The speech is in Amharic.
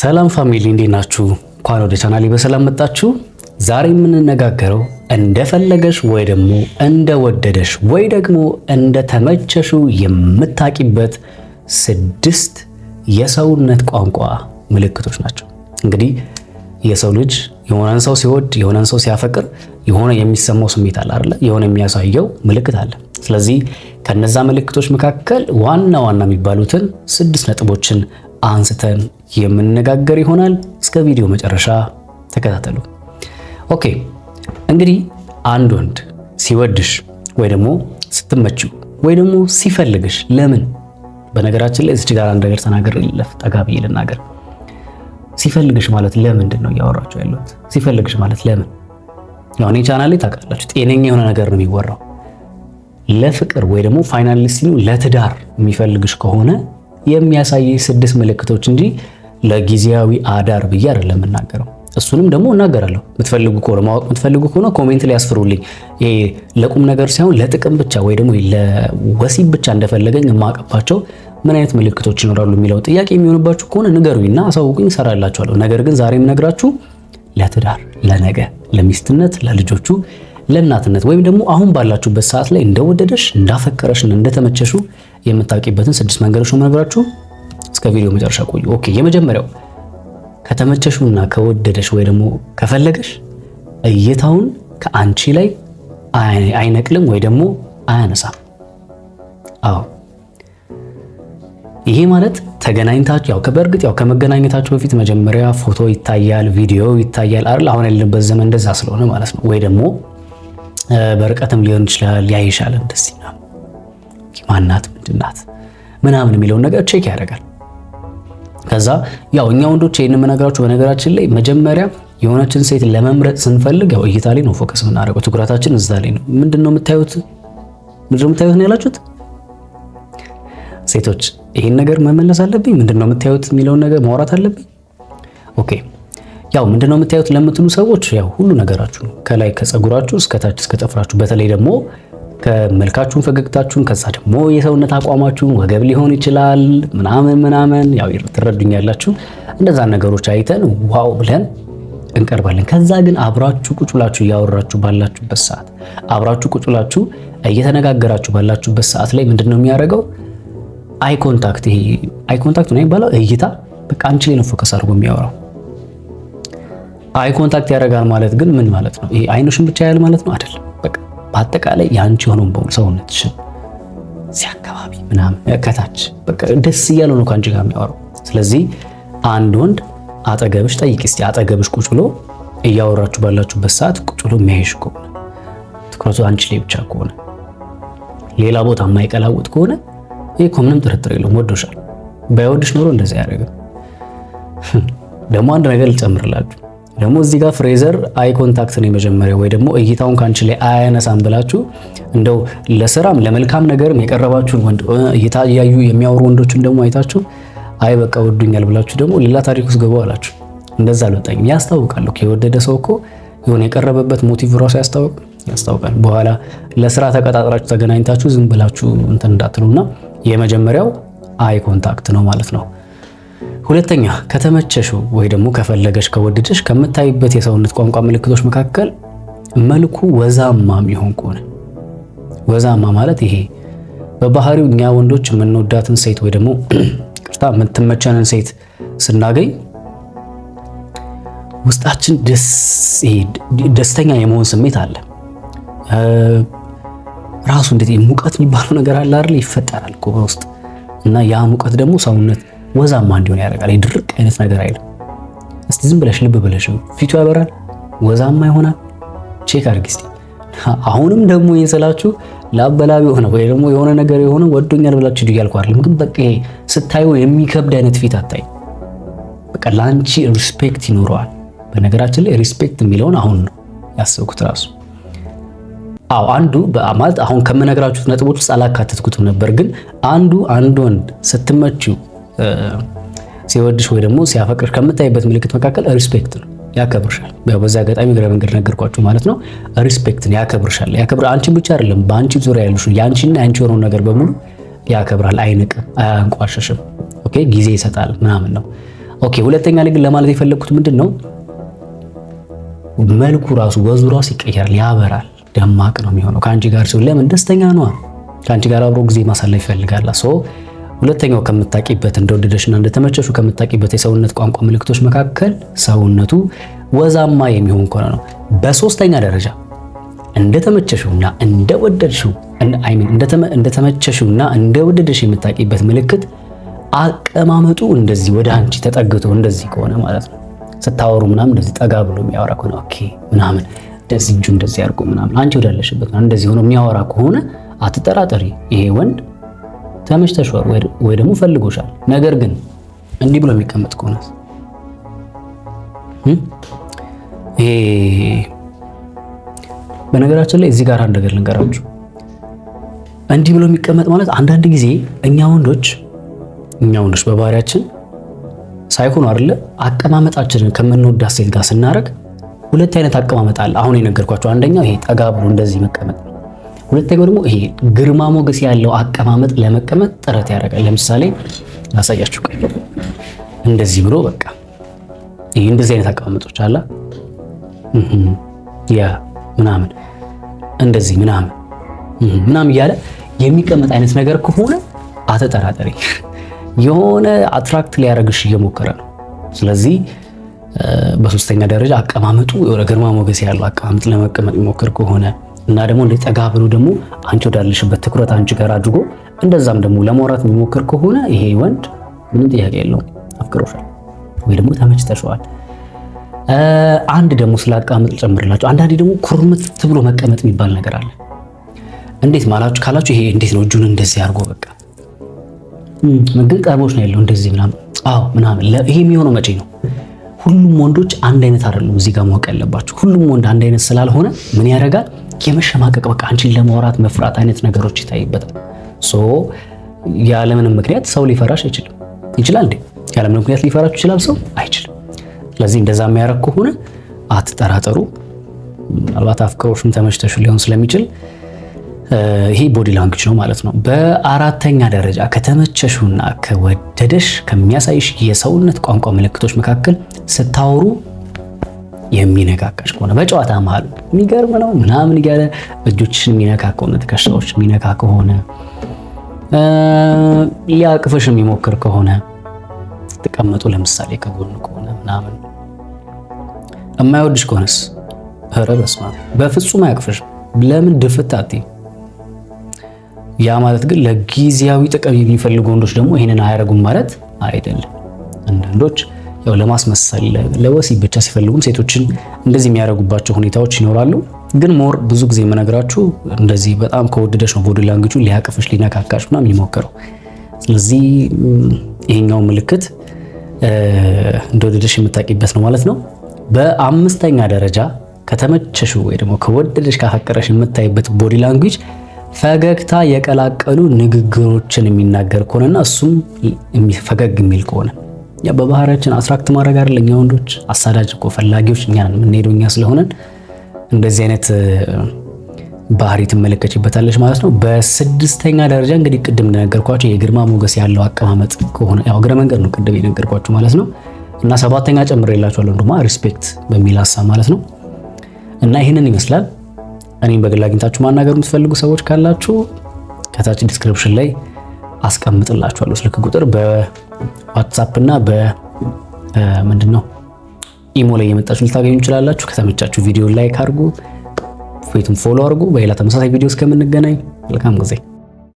ሰላም ፋሚሊ እንዴት ናችሁ? እንኳን ወደ ቻናሌ በሰላም መጣችሁ። ዛሬ የምንነጋገረው እንደፈለገሽ ወይ ደግሞ እንደወደደሽ ወይ ደግሞ እንደተመቸሹ የምታቂበት ስድስት የሰውነት ቋንቋ ምልክቶች ናቸው። እንግዲህ የሰው ልጅ የሆነን ሰው ሲወድ፣ የሆነን ሰው ሲያፈቅር የሆነ የሚሰማው ስሜት አለ አይደለ? የሆነ የሚያሳየው ምልክት አለ። ስለዚህ ከነዛ ምልክቶች መካከል ዋና ዋና የሚባሉትን ስድስት ነጥቦችን አንስተን የምንነጋገር ይሆናል። እስከ ቪዲዮ መጨረሻ ተከታተሉ። ኦኬ እንግዲህ አንድ ወንድ ሲወድሽ ወይ ደግሞ ስትመችው ወይ ደግሞ ሲፈልግሽ ለምን በነገራችን ላይ እዚህ ጋር አንድ ነገር ተናገር ለፍ ጠጋ ብዬ ልናገር። ሲፈልግሽ ማለት ለምንድን ነው እያወራችሁ ያለሁት? ሲፈልግሽ ማለት ለምን ያው እኔ ቻናል ላይ ታውቃላችሁ፣ ጤነኛ የሆነ ነገር ነው የሚወራው። ለፍቅር ወይ ደግሞ ፋይናሊስት ለትዳር የሚፈልግሽ ከሆነ የሚያሳይ ስድስት ምልክቶች እንጂ ለጊዜያዊ አዳር ብዬ አይደለም የምናገረው። እሱንም ደግሞ እናገራለሁ። የምትፈልጉ ከሆነ ማወቅ የምትፈልጉ ከሆነ ኮሜንት ላይ ያስፍሩልኝ። ይሄ ለቁም ነገር ሳይሆን ለጥቅም ብቻ ወይ ደግሞ ለወሲብ ብቻ እንደፈለገኝ የማቀባቸው ምን አይነት ምልክቶች ይኖራሉ የሚለው ጥያቄ የሚሆንባችሁ ከሆነ ንገሩኝና አሳውቁኝ፣ እሰራላችኋለሁ። ነገር ግን ዛሬ የምነግራችሁ ለትዳር፣ ለነገ፣ ለሚስትነት፣ ለልጆቹ፣ ለእናትነት ወይም ደግሞ አሁን ባላችሁበት ሰዓት ላይ እንደወደደሽ እንዳፈቀረሽን እንደተመቸሹ የምታውቂበትን ስድስት መንገዶች ነው የምነግራችሁ። እስከ ቪዲዮ መጨረሻ ቆዩ። ኦኬ፣ የመጀመሪያው ከተመቸሹና ከወደደሽ ወይ ደግሞ ከፈለገሽ እይታውን ከአንቺ ላይ አይነቅልም ወይ ደግሞ አያነሳም። አዎ ይሄ ማለት ተገናኝታችሁ ያው በእርግጥ ያው ከመገናኘታችሁ በፊት መጀመሪያ ፎቶ ይታያል፣ ቪዲዮ ይታያል አይደል? አሁን ያለንበት ዘመን እንደዛ ስለሆነ ማለት ነው። ወይ ደግሞ በርቀትም ሊሆን ይችላል ያይሻል እንደዚህ ማናት ምንድናት ምናምን የሚለውን ነገር ቼክ ያደርጋል። ከዛ ያው እኛ ወንዶች ይህን የምነግራችሁ በነገራችን ላይ መጀመሪያ የሆነችን ሴት ለመምረጥ ስንፈልግ ያው እይታ ላይ ነው ፎከስ የምናደርገው፣ ትኩረታችን እዛ ላይ ነው። ምንድን ነው የምታዩት? ምንድን ነው የምታዩት ነው ያላችሁት ሴቶች? ይህን ነገር መመለስ አለብኝ። ምንድን ነው የምታዩት የሚለውን ነገር ማውራት አለብኝ። ኦኬ ያው ምንድን ነው የምታዩት ለምትሉ ሰዎች ያው ሁሉ ነገራችሁ ከላይ ከፀጉራችሁ እስከታች እስከ ጥፍራችሁ በተለይ ደግሞ ከመልካችሁን ፈገግታችሁን፣ ከዛ ደግሞ የሰውነት አቋማችሁን ወገብ ሊሆን ይችላል ምናምን ምናምን፣ ያው ትረዱኛላችሁ። እንደዛ ነገሮች አይተን ዋው ብለን እንቀርባለን። ከዛ ግን አብራችሁ ቁጭላችሁ እያወራችሁ ባላችሁበት ሰዓት አብራችሁ ቁጭላችሁ እየተነጋገራችሁ ባላችሁበት ሰዓት ላይ ምንድን ነው የሚያደርገው? አይ ኮንታክት፣ ይሄ አይ ኮንታክት ነው የሚባለው እይታ። በቃ አንቺ ላይ ነው ፎከስ አድርጎ የሚያወራው። አይ ኮንታክት ያደርጋል ማለት ግን ምን ማለት ነው? ይሄ አይኖሽን ብቻ ያህል ማለት ነው አይደለም። በአጠቃላይ የአንቺ የሆነውን በሙሉ ሰውነትሽን እዚህ አካባቢ ምናምን ከታች በቃ ደስ እያለው ነው ከአንቺ ጋር የሚያወራው። ስለዚህ አንድ ወንድ አጠገብሽ ጠይቂ እስቲ። አጠገብሽ ቁጭ ብሎ እያወራችሁ ባላችሁበት ሰዓት ቁጭ ብሎ የሚያይሽ ከሆነ ትኩረቱ አንቺ ላይ ብቻ ከሆነ ሌላ ቦታ የማይቀላውጥ ከሆነ ይህ እኮ ምንም ጥርጥር የለውም ወዶሻል። ባይወድሽ ኖሮ እንደዚህ ያደረገ ደግሞ አንድ ነገር ልጨምርላችሁ ደግሞ እዚህ ጋር ፍሬዘር አይ ኮንታክት ነው የመጀመሪያው፣ ወይ ደግሞ እይታውን ካንቺ ላይ አያነሳም ብላችሁ እንደው ለስራም ለመልካም ነገርም የቀረባችሁን ወንድ እይታ እያዩ የሚያወሩ ወንዶችን ደግሞ አይታችሁ አይ በቃ ወዱኛል ብላችሁ ደግሞ ሌላ ታሪክ ውስጥ ገቡ አላችሁ። እንደዛ አልወጣኝም ያስታውቃል። የወደደ ሰው እኮ የሆነ የቀረበበት ሞቲቭ ራሱ ያስታውቅ ያስታውቃል። በኋላ ለስራ ተቀጣጥራችሁ ተገናኝታችሁ ዝም ብላችሁ እንትን እንዳትሉና የመጀመሪያው አይ ኮንታክት ነው ማለት ነው። ሁለተኛ ከተመቸሹ ወይ ደግሞ ከፈለገሽ ከወደደሽ ከምታይበት የሰውነት ቋንቋ ምልክቶች መካከል መልኩ ወዛማ የሚሆን ከሆነ ወዛማ ማለት ይሄ በባህሪው እኛ ወንዶች የምንወዳትን ሴት ወይ ደግሞ ቅርታ የምትመቸንን ሴት ስናገኝ ውስጣችን ደስተኛ የመሆን ስሜት አለ። ራሱ እንዴት ሙቀት የሚባለው ነገር አለ አይደል? ይፈጠራል እኮ በውስጥ እና ያ ሙቀት ደግሞ ሰውነት ወዛማ እንዲሆን ያደርጋል። የድርቅ አይነት ነገር አይልም። እስቲ ዝም ብለሽ ልብ ብለሽ ፊቱ ያበራል፣ ወዛማ ይሆናል። ቼክ አድርጊ እስቲ። አሁንም ደግሞ የሰላችሁ ለአበላቢ የሆነ ወይ ደግሞ የሆነ ነገር የሆነ ወዶኛል ብላችሁ ዱ አይደለም፣ ግን በቃ ይሄ ስታዩ የሚከብድ አይነት ፊት አታይ። በቃ ላንቺ ሪስፔክት ይኖረዋል። በነገራችን ላይ ሪስፔክት የሚለውን አሁን ነው ያሰብኩት ራሱ አዎ አንዱ ማለት አሁን ከመነግራችሁት ነጥቦች ውስጥ አላካተትኩትም ነበር፣ ግን አንዱ አንድ ወንድ ስትመችው ሲወድሽ ወይ ደግሞ ሲያፈቅርሽ ከምታይበት ምልክት መካከል ሪስፔክት ነው። ያከብርሻል። በዛ አጋጣሚ እግረ መንገድ ነገርኳችሁ ማለት ነው። ሪስፔክትን ያከብርሻል። ያከብር አንቺ ብቻ አይደለም በአንቺ ዙሪያ ያሉ የአንቺና የአንቺ የሆነውን ነገር በሙሉ ያከብራል። አይንቅም፣ አያንቋሸሽም። ኦኬ ጊዜ ይሰጣል ምናምን ነው። ኦኬ ሁለተኛ ላይ ግን ለማለት የፈለግኩት ምንድን ነው መልኩ ራሱ ወዙ ራሱ ይቀየራል፣ ያበራል፣ ደማቅ ነው የሚሆነው ከአንቺ ጋር ሲሆን። ለምን ደስተኛ ነዋ። ከአንቺ ጋር አብሮ ጊዜ ማሳለፍ ይፈልጋል። ሁለተኛው ከምታቂበት እንደወደደሽና እንደተመቸሹ ከምታቂበት የሰውነት ቋንቋ ምልክቶች መካከል ሰውነቱ ወዛማ የሚሆን ከሆነ ነው። በሶስተኛ ደረጃ እንደተመቸሹና እንደወደድሽው እንደተመቸሹና እንደወደደሽ የምታቂበት ምልክት አቀማመጡ እንደዚህ ወደ አንቺ ተጠግቶ እንደዚህ ከሆነ ማለት ነው። ስታወሩ ምናምን እንደዚህ ጠጋ ብሎ የሚያወራ ከሆነ ኦኬ ምናምን እንደዚህ እጁ እንደዚህ ያርቁ ምናምን አንቺ ወዳለሽበት እንደዚህ ሆኖ የሚያወራ ከሆነ አትጠራጠሪ ይሄ ወንድ ተመችተሽዋል ወይ ደግሞ ፈልጎሻል። ነገር ግን እንዲህ ብሎ የሚቀመጥ ከሆነ በነገራችን ላይ እዚህ ጋር አንድ ነገር ልንገራችሁ። እንዲህ ብሎ የሚቀመጥ ማለት አንዳንድ ጊዜ እኛ ወንዶች እኛ ወንዶች በባህሪያችን ሳይሆን አይደለ አቀማመጣችንን ከምንወዳት ሴት ጋር ስናደርግ ሁለት አይነት አቀማመጥ አለ። አሁን የነገርኳቸው አንደኛው ይሄ ጠጋ ብሎ እንደዚህ መቀመጥ ነው። ሁለተኛው ደግሞ ይሄ ግርማ ሞገስ ያለው አቀማመጥ ለመቀመጥ ጥረት ያደርጋል። ለምሳሌ ላሳያችሁ፣ ቀይ እንደዚህ ብሎ በቃ ይሄ እንደዚህ አይነት አቀማመጦች አላ ያ ምናምን እንደዚህ ምናምን ምናምን እያለ የሚቀመጥ አይነት ነገር ከሆነ አተጠራጠሪ የሆነ አትራክት ሊያደርግሽ እየሞከረ ነው። ስለዚህ በሶስተኛ ደረጃ አቀማመጡ የሆነ ግርማ ሞገስ ያለው አቀማመጥ ለመቀመጥ የሚሞክር ከሆነ እና ደግሞ እንደ ጠጋ ብሎ ደግሞ አንቺ ወዳለሽበት ትኩረት አንቺ ጋር አድርጎ እንደዛም ደግሞ ለማውራት የሚሞክር ከሆነ ይሄ ወንድ ምንም ጥያቄ የለውም አፍቅሮሻል ወይ ደግሞ ተመችተሸዋል። አንድ ደግሞ ስለ አቀማመጥ ጨምርላችሁ። አንዳንዴ ደግሞ ኩርምት ብሎ መቀመጥ የሚባል ነገር አለ። እንዴት ማላችሁ ካላችሁ ይሄ እንዴት ነው? እጁን እንደዚህ አድርጎ በቃ ምግብ ቀርቦች ነው ያለው እንደዚህ ምናምን፣ አዎ ምናምን። ይሄ የሚሆነው መቼ ነው? ሁሉም ወንዶች አንድ አይነት አይደሉም። እዚህ ጋር ማወቅ ያለባችሁ ሁሉም ወንድ አንድ አይነት ስላልሆነ ምን ያደርጋል የመሸማቀቅ በቃ አንቺን ለማውራት መፍራት አይነት ነገሮች ይታይበታል። ያለምንም ምክንያት ሰው ሊፈራሽ አይችልም። ይችላል እንዴ? ያለምንም ምክንያት ሊፈራሽ ይችላል ሰው አይችልም። ስለዚህ እንደዛ የሚያደርግ ከሆነ አትጠራጠሩ። ምናልባት አፍቅሮሽም ተመችተሽ ሊሆን ስለሚችል ይሄ ቦዲ ላንግጅ ነው ማለት ነው። በአራተኛ ደረጃ ከተመቸሹና ከወደደሽ ከሚያሳይሽ የሰውነት ቋንቋ ምልክቶች መካከል ስታወሩ የሚነካካሽ ከሆነ በጨዋታ መሀል የሚገርም ነው ምናምን እያለ እጆችሽን የሚነካ ከሆነ ትከሻዎች የሚነካ ከሆነ ሊያቅፍሽ የሚሞክር ከሆነ ተቀመጡ ለምሳሌ ከጎን ከሆነ ምናምን የማይወድሽ ከሆነስ ኧረ በስመ አብ በፍጹም አያቅፍሽ ለምን ድፍት አትይም ያ ማለት ግን ለጊዜያዊ ጥቅም የሚፈልጉ ወንዶች ደግሞ ይህንን አያደርጉም ማለት አይደለም አንዳንዶች ያው ለማስመሰል ለወሲብ ብቻ ሲፈልጉም ሴቶችን እንደዚህ የሚያደርጉባቸው ሁኔታዎች ይኖራሉ። ግን ሞር ብዙ ጊዜ የምነግራችሁ እንደዚህ በጣም ከወደደች ነው ቦዲ ላንጉጁ ሊያቅፍሽ ሊነካካሽ ምናምን የሚሞክረው። ስለዚህ ይሄኛው ምልክት እንደወደደሽ የምታቂበት ነው ማለት ነው። በአምስተኛ ደረጃ ከተመቸሹ ወይ ደግሞ ከወደደሽ ካፈቀረሽ የምታይበት ቦዲ ላንግጅ ፈገግታ የቀላቀሉ ንግግሮችን የሚናገር ከሆነና እሱም ፈገግ የሚል ከሆነ ያ በባህሪያችን አትራክት ማድረግ እኛ ወንዶች አሳዳጅ እኮ ፈላጊዎች እኛ ነን። የምንሄደው እኛ ስለሆነን እንደዚህ አይነት ባህሪ ትመለከችበታለች ማለት ነው። በስድስተኛ ደረጃ እንግዲህ ቅድም እንደነገርኳቸው የግርማ ሞገስ ያለው አቀማመጥ ከሆነ ያው እግረ መንገድ ነው ቅድም የነገርኳቸው ማለት ነው። እና ሰባተኛ ጨምሬላችኋለሁ ድማ ሪስፔክት በሚል ሀሳብ ማለት ነው። እና ይህንን ይመስላል። እኔም በግል አግኝታችሁ ማናገር የምትፈልጉ ሰዎች ካላችሁ ከታች ዲስክሪፕሽን ላይ አስቀምጥላችኋለሁ ስልክ ቁጥር በዋትሳፕ እና በምንድን ነው ኢሞ ላይ የመጣችሁ ልታገኙ እንችላላችሁ። ከተመቻችሁ ቪዲዮ ላይክ አድርጉ፣ ፌቱን ፎሎ አድርጉ። በሌላ ተመሳሳይ ቪዲዮ እስከምንገናኝ መልካም ጊዜ